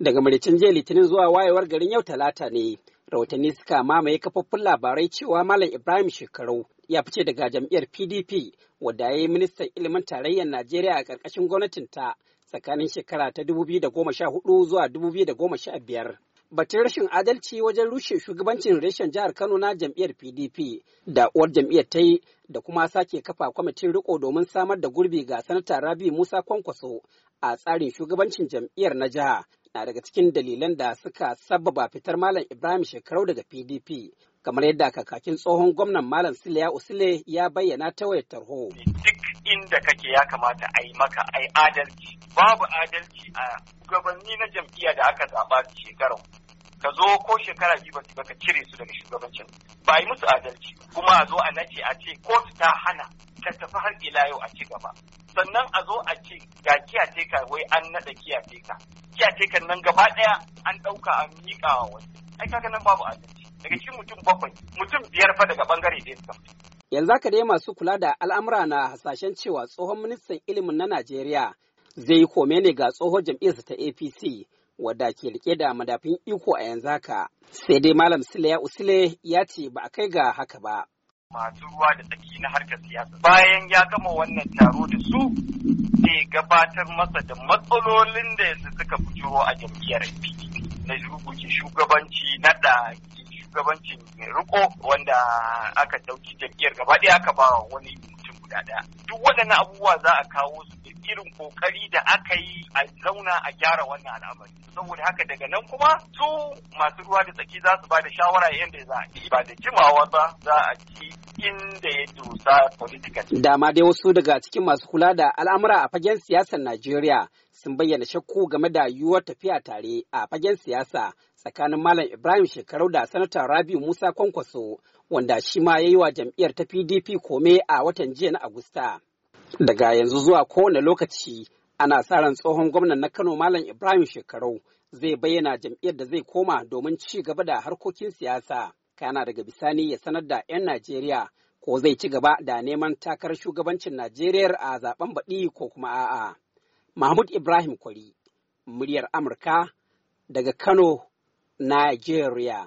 Daga maricin jiya Litinin zuwa wayewar garin yau Talata ne, rahotanni suka mamaye kafofin labarai cewa Malam Ibrahim Shekaru ya fice daga jam'iyyar PDP wadda ya yi ministan ilimin tarayyar Najeriya a ƙarƙashin gwamnatinta tsakanin shekara ta da goma sha hudu zuwa da biyar. Batun rashin adalci wajen rushe shugabancin reshen jihar Kano na jam'iyyar PDP da uwar jam'iyyar ta yi da kuma sake kafa kwamitin riko domin samar da gurbi ga sanata Rabi Musa Kwankwaso a tsarin shugabancin jam'iyyar na jiha na daga cikin dalilan da suka sababa fitar Malam Ibrahim Shekarau daga PDP. Kamar yadda kakakin tsohon gwamnan Malam Siliya Usile ya bayyana ta wayar tarho. Duk inda kake ya kamata a yi maka a adalci. Babu adalci a gabanni na jam'iyya da aka zaɓa shekarau. ka zo ko shekara biyu ba su ka cire su daga shugabancin ba yi musu adalci kuma a zo a nace a ce kotu ta hana ka tafi har ila yau a ci gaba sannan a zo a ce ga ka wai an naɗa ka. kan nan gaba ɗaya an ɗauka a miƙa wa wani ai kaga nan babu adalci daga cikin mutum bakwai mutum biyar fa daga bangare ɗaya suka yanzu haka dai masu kula da al'amura na hasashen cewa tsohon ministan ilimin na Najeriya zai yi kome ne ga tsohon jam'iyyarsa ta APC wadda ke rike da madafin iko a yanzu haka sai dai malam Sule ya usile ya ce ba a kai ga haka ba masu ruwa da tsaki na harkar siyasa bayan ya gama wannan taro da su gabatar masa da matsalolin da yanzu suka fito a jam'iyyar NPP na shugabanci shugabanci na da shugabancin riko wanda aka dauki jam'iyyar gaba ɗaya aka ba wani mutum guda ɗaya duk waɗannan abubuwa za a kawo su da irin kokari da aka yi a zauna a gyara wannan al'amari saboda haka daga nan kuma su masu ruwa da tsaki za su ba da shawara yadda za a yi ba da jimawa ba za a ci da ya Dama dai wasu daga cikin masu kula da al'amura a fagen siyasar Najeriya sun bayyana shakku game da yiwuwar tafiya tare a fagen siyasa tsakanin Malam Ibrahim Shekarau da Sanata Rabiu Musa Kwankwaso wanda shi ma ya yi wa jam'iyyar ta PDP kome a watan jiya na Agusta. Daga yanzu zuwa kowane lokaci ana sa ran tsohon gwamnan na Kano Malam Ibrahim Shekarau zai bayyana jam'iyyar da zai koma domin ci gaba da harkokin siyasa. kana daga bisani ya sanar da 'yan Najeriya ko zai ci gaba da neman takarar shugabancin Najeriya a zaben baɗi ko kuma a'a. Mahmud Ibrahim Kwari, muryar Amurka daga Kano, Najeriya.